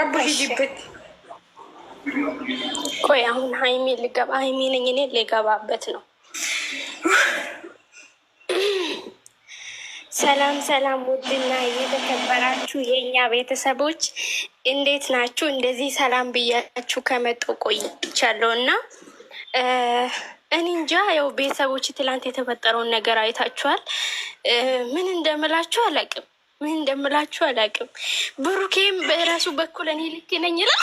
አባ ሂጂበት። ቆይ አሁን ሀይሜ ልገባ ሀይሜ ነኝ እኔ ልገባበት ነው። ሰላም ሰላም፣ ውድና የተከበራችሁ የእኛ ቤተሰቦች እንዴት ናችሁ? እንደዚህ ሰላም ብያችሁ ከመጦ ቆይቻለሁ እና እኔ እንጃ ያው ቤተሰቦች ትላንት የተፈጠረውን ነገር አይታችኋል። ምን እንደምላችሁ አላውቅም። ምን እንደምላችሁ አላውቅም። ብሩኬም በራሱ በኩል እኔ ልክ ነኝ ይላል።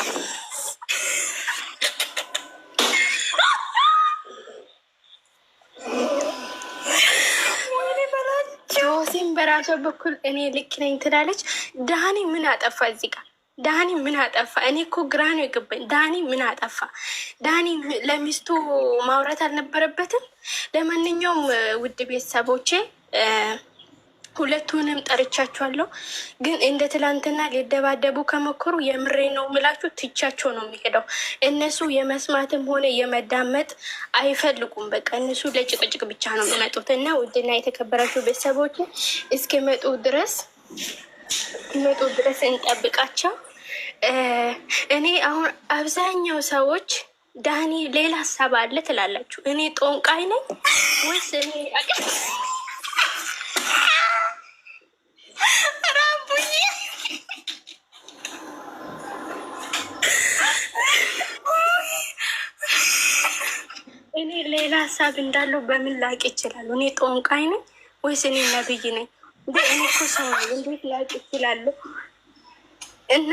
ጆሲም በራሷ በኩል እኔ ልክ ነኝ ትላለች። ዳኒ ምን አጠፋ እዚህ ጋር? ዳኒ ምን አጠፋ? እኔ እኮ ግራ ነው የገባኝ። ዳኒ ምን አጠፋ? ዳኒ ለሚስቱ ማውራት አልነበረበትም። ለማንኛውም ውድ ቤተሰቦቼ ሁለቱንም ጠርቻቸዋለሁ። ግን እንደ ትላንትና ሊደባደቡ ከሞከሩ የምሬ ነው ምላችሁ ትቻቸው ነው የሚሄደው። እነሱ የመስማትም ሆነ የመዳመጥ አይፈልጉም። በቃ እነሱ ለጭቅጭቅ ብቻ ነው የሚመጡት። እና ውድና የተከበራችሁ ቤተሰቦች እስኪመጡ ድረስ መጡ ድረስ እንጠብቃቸው። እኔ አሁን አብዛኛው ሰዎች ዳኒ ሌላ ሀሳብ አለ ትላላችሁ። እኔ ጦንቃይ ነኝ ወይስ እኔ እኔ ሌላ ሀሳብ እንዳለው በምን ላቅ ይችላሉ? እኔ ጦንቃይ ነኝ ወይስ እኔ ነብይ ነኝ? እንዴት ላቅ ይችላሉ? እና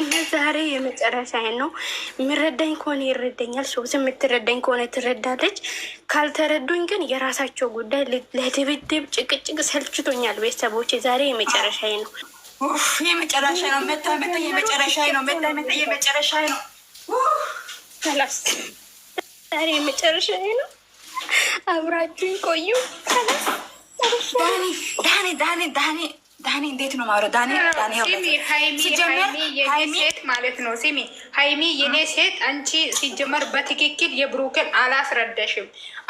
እንደ ዛሬ ይሄን ነው። የምረዳኝ ከሆነ ይረዳኛል። ሶስ የምትረዳኝ ከሆነ ትረዳለች። ካልተረዱኝ ግን የራሳቸው ጉዳይ። ለድብድብ ጭቅጭቅ ሰልችቶኛል። ቤተሰቦች ዛሬ የመጨረሻዬ ነው። የመጨረሻ ነው። መታ መታ የመጨረሻ ነው። መታ መታ የመጨረሻ ነው። ከላስ ዛሬ የመጨረሻ ነው። አብራችሁኝ ቆዩ። ከላስ ዳኒ ዳኒ ዳኒ ዳኒ ዳኒ እንዴት ነው ማረ ዳኒ ዳኒ ሲሚ ሃይሚ ሴት ማለት ነው። ሲሚ ሃይሚ የኔ ሴት አንቺ ሲጀመር በትክክል የብሩክን አላስረዳሽም።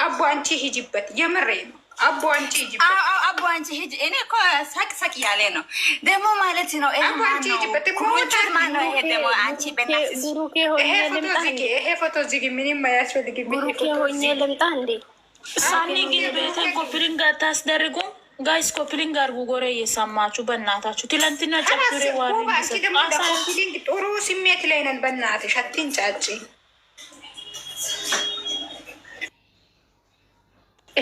አቦ አንቺ ሂጅበት፣ የምሬ ነው። አቦ አንቺ ሂጅበት፣ አቦ አንቺ ሂጅ። እኔ እኮ ሳቅ ሳቅ ያለ ነው ደግሞ ማለት ነው። አቦ አንቺ ሂጅበት። ይሄ ፎቶ ዝግ፣ ምንም አያስፈልግም። ብሩክ ሆኜ ልምጣ እንዴ? ሳኒ ግን ቤተን ኮፍሪን ጋር ታስደርጉም ጋይስ ኮፕሊንግ አድርጉ። ጎሬ እየሰማችሁ በእናታችሁ ትላንትና ጨፍሬ ዋሪኮፕሊንግ ጥሩ ስሜት ላይ ነን። በእናትሽ ጫጭ።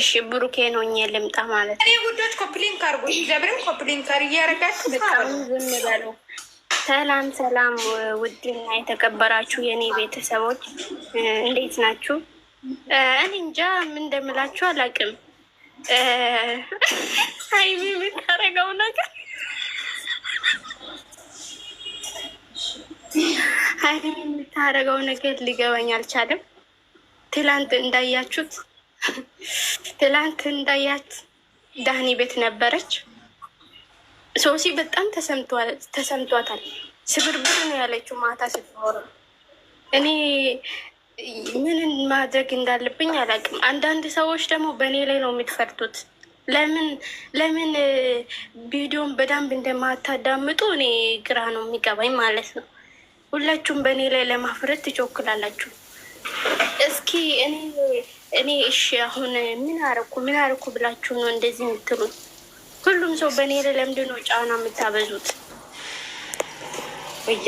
እሺ። ብሩኬን ሆኜ ልምጣ ማለት እኔ ጉዶች ኮፕሊንግ አድርጉ። ዘብርም ኮፕሊንግ ካር እያረጋችሁ ሰላም ሰላም፣ ውድና የተከበራችሁ የእኔ ቤተሰቦች እንዴት ናችሁ? እኔ እንጃ ምን እንደምላችሁ አላውቅም። ሀይሚ የምታደርገው ነገር ሀይሚ የምታደርገው ነገር ሊገባኝ አልቻለም። ትላንት እንዳያችሁት ትላንት እንዳያት ዳህኒ ቤት ነበረች። ሶሲ በጣም ተሰምቷታል። ስብርብር ነው ያለችው ማታ ስትኖረ እኔ ምን ማድረግ እንዳለብኝ አላውቅም። አንዳንድ ሰዎች ደግሞ በእኔ ላይ ነው የምትፈርቱት። ለምን ለምን ቪዲዮን በደንብ እንደማታዳምጡ እኔ ግራ ነው የሚገባኝ ማለት ነው። ሁላችሁም በእኔ ላይ ለማፍረት ትቸኩላላችሁ። እስኪ እኔ እኔ እሺ አሁን ምን አረኩ ምን አረኩ ብላችሁ ነው እንደዚህ የምትሉት? ሁሉም ሰው በእኔ ላይ ለምንድን ነው ጫና የምታበዙት?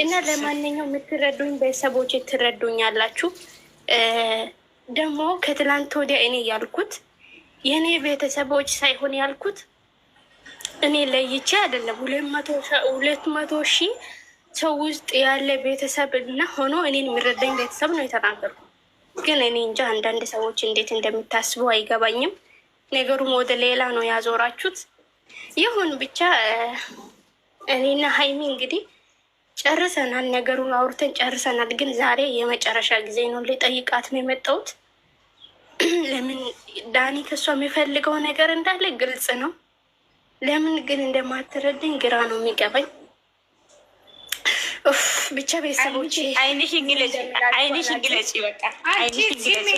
እና ለማንኛውም የምትረዱኝ ቤተሰቦች ትረዱኛላችሁ። ደግሞ ከትላንት ወዲያ እኔ ያልኩት የእኔ ቤተሰቦች ሳይሆን ያልኩት እኔ ለይቼ አይደለም። ሁለት መቶ ሺህ ሰው ውስጥ ያለ ቤተሰብ እና ሆኖ እኔን የሚረዳኝ ቤተሰብ ነው የተናገርኩ። ግን እኔ እንጃ አንዳንድ ሰዎች እንዴት እንደሚታስቡ አይገባኝም። ነገሩም ወደ ሌላ ነው ያዞራችሁት። ይሁን ብቻ እኔና ሀይሚ እንግዲህ ጨርሰናል፣ ነገሩን አውርተን ጨርሰናል። ግን ዛሬ የመጨረሻ ጊዜ ነው ልጠይቃት ነው የመጣሁት። ለምን ዳኒ ከእሷ የሚፈልገው ነገር እንዳለ ግልጽ ነው። ለምን ግን እንደማትረድኝ ግራ ነው የሚገባኝ። ብቻ ቤተሰቦች አይንሽ ግለጭ፣ አይንሽ ግለጭ፣ በቃ አንቺ ዝም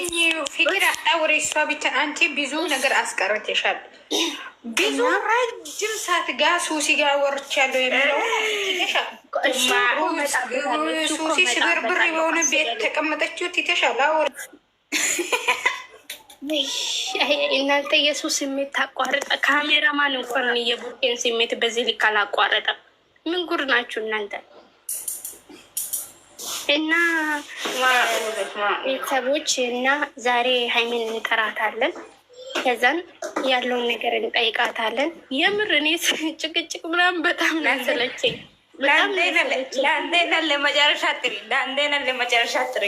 ፍቅር አጣውሬ እሷ ብቻ አንቺ ብዙ ነገር አስቀርተሻል። ብዙ ረጅም ሰዓት ጋ ሱሲ ጋ ወርቻለሁ የሚለውን ሱሲ ሽብርብር በሆነ ቤት ተቀመጠችው ትተሻል። አወር እናንተ የሱስ ስሜት ታቋረጠ። ካሜራማን እንኳን የቡቴን ስሜት በዚህ ልክ አላቋረጠም። ምን ጉር ናችሁ እናንተ እና ቤተሰቦች እና ዛሬ ሀይሚን እንጠራታለን ከዛን ያለውን ነገር እንጠይቃታለን። የምር እኔ ጭቅጭቅ ምናምን በጣም ነው ያሰለቸኝ። ለአንዴና ለመጨረሻ ጥሪ፣ ለአንዴና ለመጨረሻ ጥሪ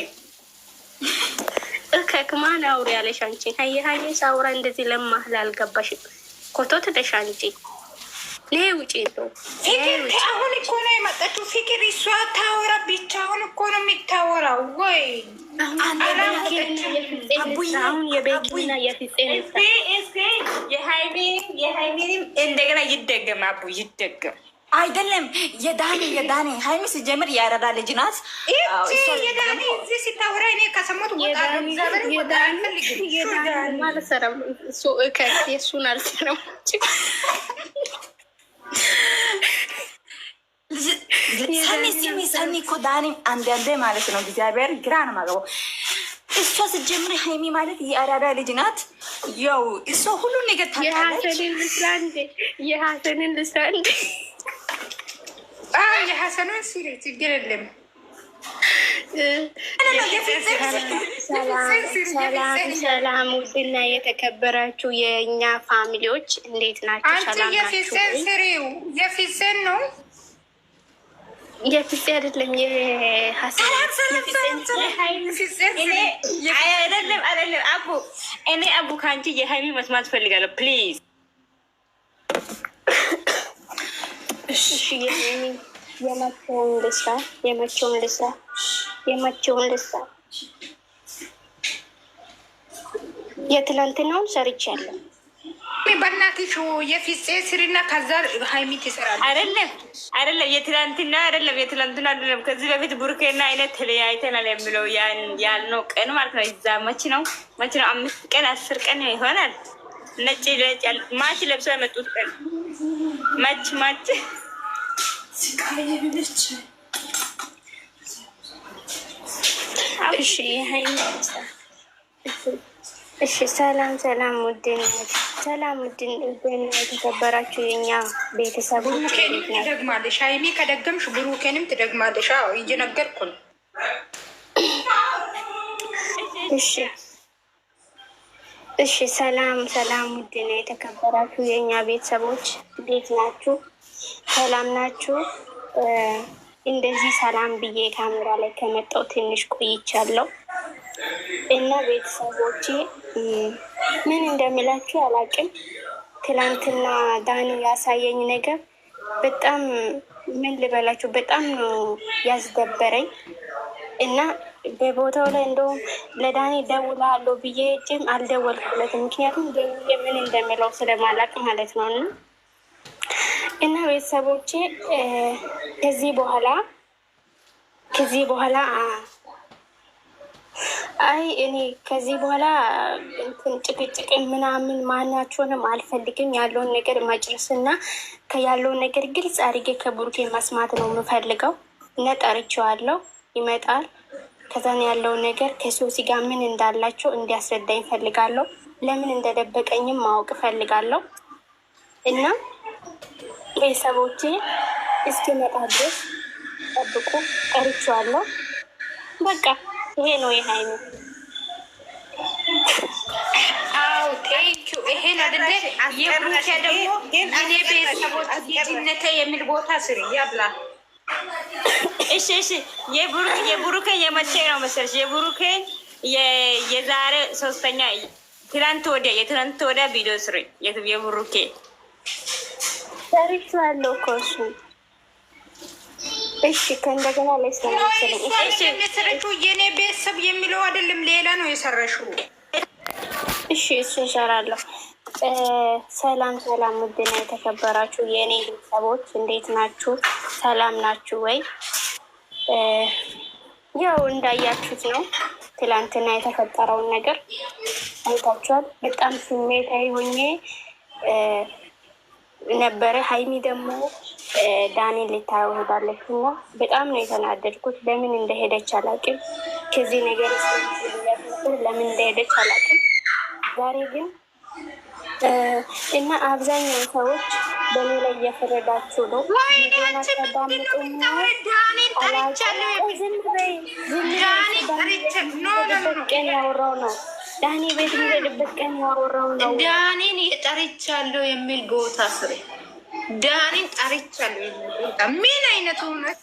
እከክማን አውሪ ያለሽ አንቺ ሀየ ሀየ ሳውራ እንደዚህ ለማህል አልገባሽም። ኮቶ ትደሽ አንቺ ይሄ ውጪ ነው። አሁን እኮ ነው የመጣችው ፍቅር እሷ ታወራ እንደገና ይደገም አቡ ይደገም። አይደለም የዳኔ የዳኔ ሀይሚ ሲጀምር ያረዳ ልጅ ናት። የሱን አልሰራም ሰኒ ሲሚ ሰኒ እኮ ዳኒ አንዳንዴ ማለት ነው እግዚአብሔር ግራ ነው የማገባው። እሷ ስትጀምር ሀይሚ ማለት የአራዳ ልጅ ናት። ያው እሷ ሁሉን ነገር ታውቃለች። የሀሰንን ልስራ እንዴ የሀሰንን ልስራ ችግር የለም። ሰላም ውድና የተከበራችሁ የእኛ ፋሚሊዎች እንዴት ናቸው? ሰላም ናቸው? የፊትሰን ነው የፊት አይደለም አይደለም። አቡ እኔ አቡ ከአንቺ የሀይሚ መስማት ፈልጋለሁ። ፕሊዝ የመቼውን ልስራ የመቼውን ልስራ የመቼውን ልስራ የትላንትናውን ሰርቻለሁ። በእናትሽ የፊት ስሪና ከዛ ሀይሚ ትሰራለች። አይደለም አይደለም፣ የትላንትና አይደለም፣ የትላንትና አይደለም። ከዚህ በፊት ቡርኬና አይነት ተለያይተናል የሚለው ያልነው ቀን ማለት ነው። እዛ መች ነው መች ነው? አምስት ቀን አስር ቀን ይሆናል። ነጭ ማች ለብሶ የመጡት ቀን ማች ማች እሺ እሺ ሰላም ሰላም፣ ውድን ሰላም ውድን ውድን የተከበራችሁ የኛ ቤተሰብ ብሩኬንም ትደግማለሽ። ሀይሜ ከደገምሽ ብሩኬንም ትደግማለሽ። አዎ እየነገርኩ ነው። እሺ እሺ፣ ሰላም ሰላም፣ ውድን የተከበራችሁ የእኛ ቤተሰቦች እንዴት ናችሁ? ሰላም ናችሁ? እንደዚህ ሰላም ብዬ ካሜራ ላይ ከመጣው ትንሽ ቆይቻለሁ እና ቤተሰቦቼ ምን እንደምላችሁ አላውቅም። ትላንትና ዳኒ ያሳየኝ ነገር በጣም ምን ልበላችሁ፣ በጣም ነው ያስደበረኝ እና በቦታው ላይ እንደውም ለዳኒ ደውላለሁ ብዬ ጭም አልደወልኩለት፣ ምክንያቱም ደውዬ ምን እንደሚለው ስለማላቅ ማለት ነው። እና እና ቤተሰቦቼ ከዚህ በኋላ ከዚህ በኋላ አይ እኔ ከዚህ በኋላ እንትን ጭቅጭቅ ምናምን ማናቸውንም አልፈልግም። ያለውን ነገር መጨረስና ያለውን ነገር ግልጽ አድርጌ ከቡርጌ መስማት ነው የምፈልገው። ነጠርቸዋለው ይመጣል። ከዛን ያለውን ነገር ከሶሲ ጋር ምን እንዳላቸው እንዲያስረዳኝ ፈልጋለሁ። ለምን እንደደበቀኝም ማወቅ ፈልጋለሁ። እና ቤተሰቦቼ እስኪመጣ ድረስ ጠብቁ። ጠርቼዋለሁ በቃ ይሄ ነው የሀይሚ አው ቴንኪዩ። ይሄን አይደለ የብሩኬ ደግሞ እኔ ቤተሰቦች ልጅነቴ የሚል ቦታ ስሪ ያብላ። እሺ፣ እሺ የብሩኬ የመቼ ነው መሰለሽ? የብሩኬ የዛሬ ሶስተኛ ትናንት ወዲያ የትናንት ወዲያ ቪዲዮ ስሪ የብሩኬ ሰርቻለሁ እኮ እሱ እሺ ከእንደገና ላይ ስለመሰለኝ የኔ ቤተሰብ የሚለው አይደለም፣ ሌላ ነው የሰራሽው። እሺ እሱ እሰራለሁ። ሰላም ሰላም፣ ውድና የተከበራችሁ የእኔ ቤተሰቦች እንዴት ናችሁ? ሰላም ናችሁ ወይ? ያው እንዳያችሁት ነው ትላንትና የተፈጠረውን ነገር አይታችኋል። በጣም ስሜታዊ ሆኜ ነበረ። ሀይሚ ደግሞ ዳንኤል ልታየው ሄዳለች እና በጣም ነው የተናደድኩት። ለምን እንደሄደች አላውቅም። ከዚህ ነገር ለምን እንደሄደች አላውቅም። ዛሬ ግን እና አብዛኛው ሰዎች በእኔ ላይ እየፈረዳችሁ ነው። ያወራው ነው ዳኒ ቤት የሚሄድበት ቀን ያወራው ነው ዳኒን ጠርቻለሁ የሚል ቦታ ስሬ ዳኒን ጠርቻለሁ። ምን አይነት እውነት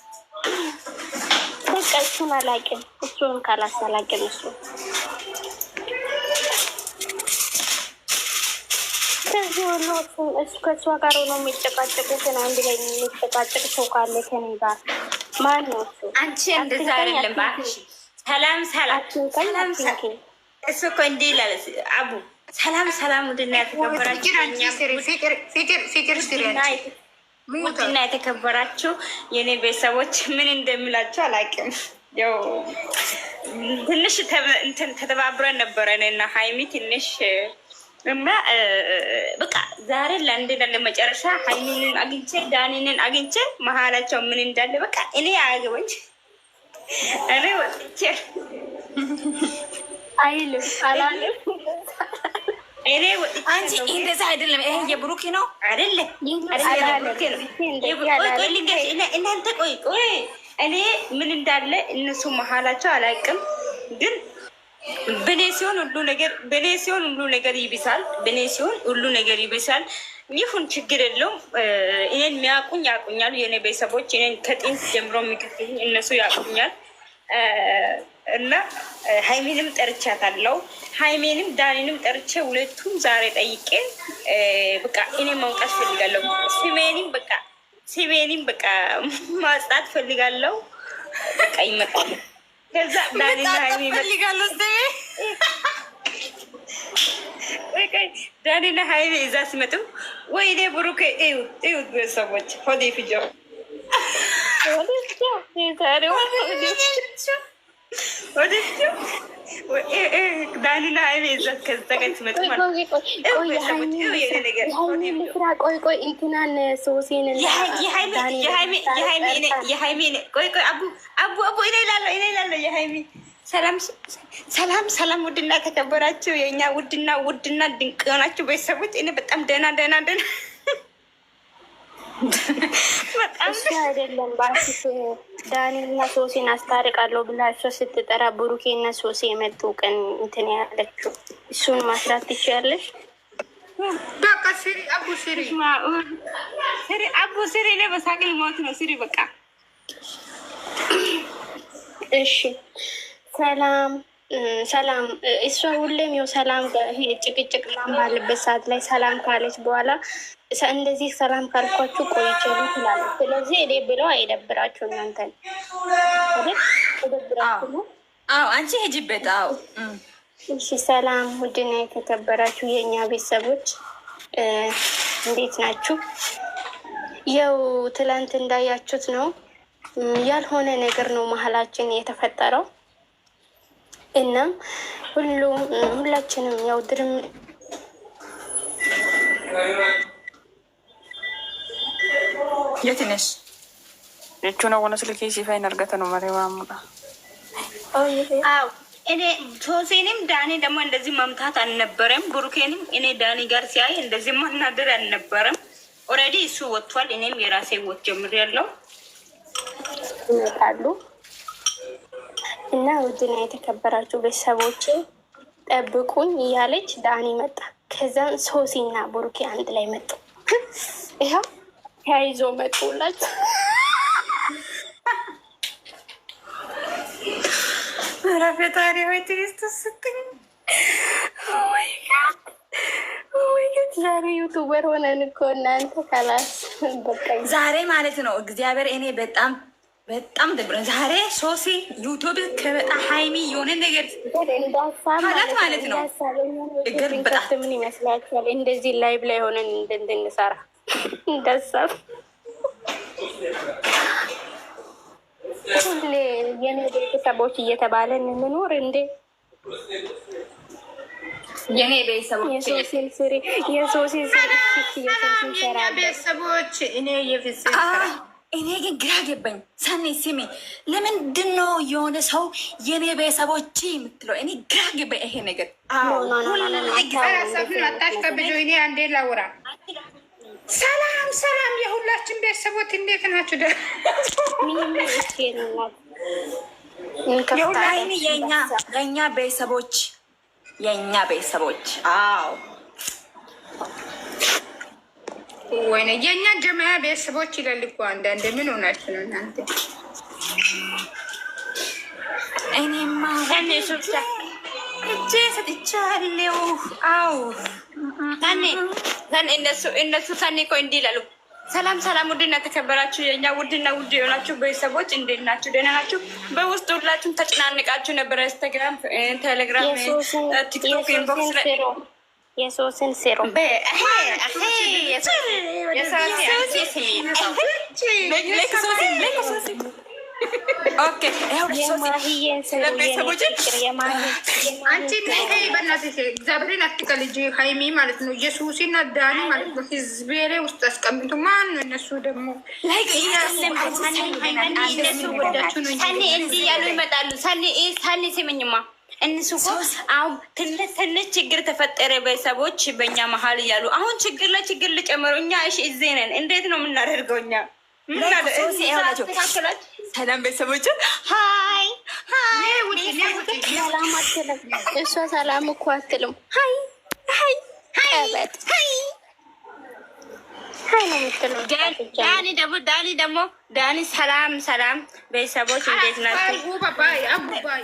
በቃ እሱን አላውቅም። እሱን ካላሳላቅም እሱ ከዚህ እሱ ከእሷ ጋር ሆኖ የሚጨቃጨቁትን አንድ ላይ የሚጨቃጨቅ ሰው ካለ ከኔ ጋር ማን ነው እሱ? አንቺ እንደዛ አይደለም። ሰላም ሰላም ሰላም። እሱ እኮ እንዲህ ይላል አቡ ሰላም ሰላም፣ ውድና የተከበራችሁ የእኔ ቤተሰቦች ምን እንደምላችሁ አላውቅም። ያው ትንሽ ተተባብረን ነበረ እኔና ሀይሚ ትንሽ እና በቃ ዛሬ ለአንዴና ለመጨረሻ ሀይሚንን አግኝቼ ዳኒንን አግኝቼ መሀላቸው ምን እንዳለ በቃ እኔ አያገበኝ እኔ ወጥቼ አይልም አላለም አንቺ እንደዛ አይደለም። ይሄ የብሩኪ ነው አይደለም። እናንተ ቆይ ቆይ፣ እኔ ምን እንዳለ እነሱ መሀላቸው አላውቅም፣ ግን በኔ ሲሆን ሁሉ ነገር በኔ ሲሆን ሁሉ ነገር ይብሳል። በኔ ሲሆን ሁሉ ነገር ይብሳል። ይሁን ችግር የለውም። እኔን የሚያውቁኝ ያውቁኛል። የኔ ቤተሰቦች እኔን ከጤንት ጀምሮ የሚከፍሉኝ እነሱ ያውቁኛል። እና ሀይሜንም ጠርቻታለሁ። ሀይሜንም ዳኒንም ጠርቼ ሁለቱም ዛሬ ጠይቄ በቃ እኔ ማውጣት ፈልጋለሁ። ስሜንም በቃ ስሜንም በቃ ማውጣት ፈልጋለሁ። በቃ ይመጣል። ከዛ ዳኒና ሀይሜ ዳኒና ሀይሜ እዛ ሲመጡ ወይኔ ብሩኬ እዩት ቤተሰቦች ሆዴ ፍጆ ሆዴ ፍጆ ዳኒና ስራ ቆይ ቆይ እንትናን ሶሴን ሰላም ሰላም፣ ውድና ተከበራችሁ የእኛ ውድና ውድና ድንቅ የሆናችሁ ቤተሰቦች እኔ በጣም ደህና ደህና ደህና ዳኒና ሶሴን አስታርቃለሁ ብላ እሷ ስትጠራ ብሩኬና ሶሴ የመጡ ቀን እንትን ያለችው እሱን ማስራት ትችያለሽ። በቃ ስሪ አቡ ስሪ ስሪ አቡ ስሪ ለበሳቅል ሞት ነው። ስሪ በቃ እሺ፣ ሰላም ሰላም እሷ ሁሌም የው ሰላም ጭቅጭቅ ባለበት ሰዓት ላይ ሰላም ካለች በኋላ እንደዚህ ሰላም ካልኳችሁ ቆይቸሉ ትላለች። ስለዚህ እኔ ብለው አይደብራችሁ እናንተን አዎ፣ አንቺ ሂጂበት። አዎ፣ እሺ። ሰላም ውድና የተከበራችሁ የእኛ ቤተሰቦች እንዴት ናችሁ? የው ትላንት እንዳያችሁት ነው ያልሆነ ነገር ነው መሀላችን የተፈጠረው እና ሁሉም ሁላችንም ያው ድርም የትነሽ ነው ሆነ ስልክ ሲፋይን እርገተ ነው መሬማሙዳ አው እኔ ሶሴንም ዳኔ ደግሞ እንደዚህ መምታት አልነበረም። ብሩኬንም እኔ ዳኒ ጋር ሲያይ እንደዚህ ማናደር አልነበረም። ኦልሬዲ እሱ ወጥቷል። እኔም የራሴ ወት ጀምር ያለው ይመጣሉ እና ውድና የተከበራችሁ ቤተሰቦች ጠብቁኝ እያለች ዳኒ መጣ። ከዛን ሶሲና ቡሩኬ አንድ ላይ መጡ። ይኸው ተያይዞ መጡላት። ኧረ ፈጣሪ ስትኝ oh oh ዛሬ ዩቱበር ሆነን እኮ እናንተ ካላስ ዛሬ ማለት ነው እግዚአብሔር እኔ በጣም በጣም ደብረ ዛሬ ሶሲ ዩቱብ ከበጣ ሀይሚ የሆነ ነገር ሀላት ማለት ነው። እግር በጣም ምን ይመስላችኋል? እንደዚህ ላይብ ላይ ሆነን እንድንሰራ እንዳሳብ ሁሌ የኔ ቤተሰቦች እየተባለን እንኖር እንዴ? የኔ ቤተሰቦች የሶሲ ስሪ የሶሲን ስሪ ቤተሰቦች እኔ የፍጽ ስራ እኔ ግን ግራ ገባኝ። ሰኔ ስሜ ለምንድን ነው የሆነ ሰው የኔ ቤተሰቦች የምትለው? እኔ ግራ ገባኝ ይሄ ነገር። አንዴ ላውራ። ሰላም ሰላም፣ የሁላችን ቤተሰቦች እንዴት ናቸው? የሁላይን የኛ ቤተሰቦች የእኛ ቤተሰቦች አዎ ወይኔ የእኛ ጀማያ ቤተሰቦች ይላል እኮ አንዳንዴ። ምን ሆናችሁ ነው እናንተ? እኔማ እጄ ሰጥቻለሁ። አዎ እነሱ ሰኔ እኮ እንዲህ ይላሉ። ሰላም ሰላም፣ ውድና ተከበራችሁ የእኛ ውድና ውድ የሆናችሁ ቤተሰቦች እንዴት ናችሁ? ደህና ናችሁ? በውስጥ ሁላችሁም ተጨናንቃችሁ ነበረ። ኢንስታግራም፣ ቴሌግራም፣ ቲክቶክ ኢንቦክስ ላይ የሶስን ሴሮ የማህዬን ስሩ ማለት ነው። የሱሲና ዳኒ ማለት ነው። ውስጥ አስቀምጡ። ማን እነሱ ደግሞ እንዲህ ይመጣሉ። ሳኒ ስምኝማ እነሱ እኮ አሁን ትንሽ ትንሽ ችግር ተፈጠረ ቤተሰቦች በእኛ መሀል እያሉ አሁን ችግር ላይ ችግር ልጨምሩ። እኛ እሺ እዚህ ነን። እንዴት ነው የምናደርገው? እኛ ሰላም ቤተሰቦች፣ ሀይ እሷ ሰላም እኮ አትልም። ሀይ ሀይ ሀይ ዳኒ ደግሞ ዳኒ ደግሞ ዳኒ ሰላም ሰላም፣ ቤተሰቦች እንዴት ናቸው?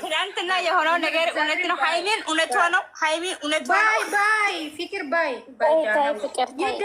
ትናንትና የሆነው ነገር እውነት ነው። ሀይሚን እውነቷ ሆነው ሀይሚን እውነት ሆነው ፍቅር ባይ ፍቅር